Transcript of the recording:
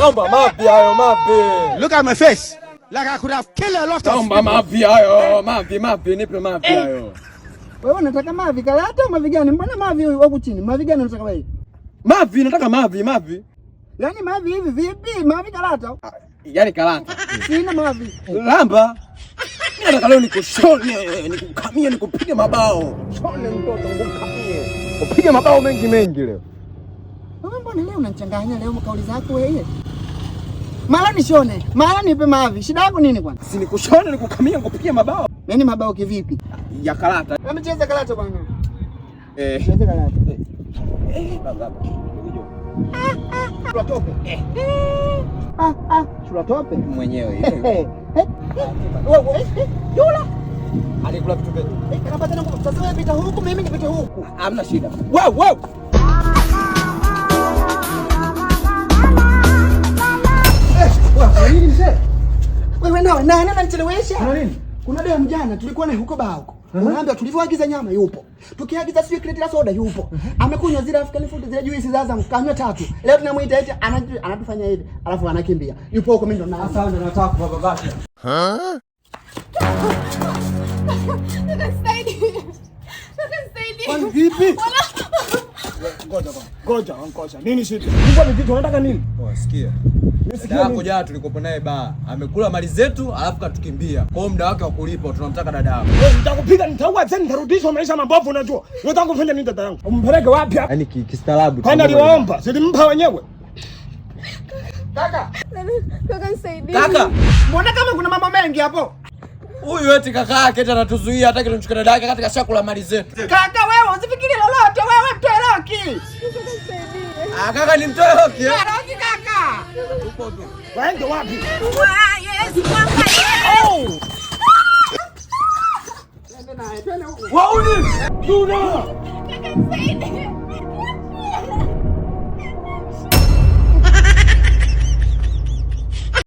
Naomba mavi hayo Look at my face. Like I could have killed a lot of Naomba mavi hayo mavi mavi nipe mavi eh. hayo. Wewe unataka mavi kala hata mavi gani? Mbona mavi huko chini? Mavi gani unataka wewe? Mavi nataka mavi mavi. Yaani mavi hivi vipi? Mavi karata. Ah, yaani karata. Sina mavi. Lamba. Mimi nataka leo nikushone, nikukamie, nikupige mabao. Shone mtoto, nikukamie. Upige mabao mengi mengi leo. Mbona leo unanichanganya leo kauli zako wewe. Mara nishone, mara nipe mavi. Shida yako nini bwana? Si nikushone nikukamia nikupikie mabao. Yaani mabao kivipi? Ya karata. Hebu cheza karata bwana. Eh. Cheza karata. Eh. eh baba. Chula tope. Eh. Ah ah, chula tope mwenyewe yule. Eh, eh. Chula. Alikula vitu vyetu. Eh, kanapata na kutazama pita huku mimi nipite huku. Hamna shida. Wow wow. umenao na nani anichelewesha? Kuna nini? Kuna demu jana tulikuwa naye huko baa huko. Uh-huh. Unaambia tulivyoagiza nyama yupo. Tukiagiza sio kreti la soda yupo. Uh-huh. Amekunywa zile African food zile juice za Azam kanywa tatu. Leo tunamuita eti anatufanya hivi, alafu anakimbia. Yupo huko mimi ndo na. Sasa na nataka baba Huh? Look at basi. Ha? Nakastahili. Nakastahili. Vipi? Ngoja bwana. Ngoja wankosha. Nini shida? Mungu ni kitu unataka nini? Oh, sikia. Dada yako jana tulikopo naye baa. Amekula mali zetu alafu katukimbia. Kwa hiyo muda wake wa kulipa tunamtaka dada yako. Wewe nitakupiga nitaua tena nitarudisha maisha mabovu unajua. Unataka kufanya nini dada yangu? Umpeleke wapi hapa? Yaani kistaarabu. Kwani aliwaomba? Silimpa wenyewe. Kaka. Kaka nisaidie. Kaka. Mbona kama kuna mambo mengi hapo? Huyu eti kaka yake eti anatuzuia hataki tumchukue dada yake katika shakula mali zetu. Kaka wewe usifikiri lolote wewe mtoe Kaka nimtoe hoki. Eh? Roki kaka. Tupo tu. Waende wapi? Yesu kwanza. Twende naye, twende huko. Wauni. Tuna. Kaka msaidie.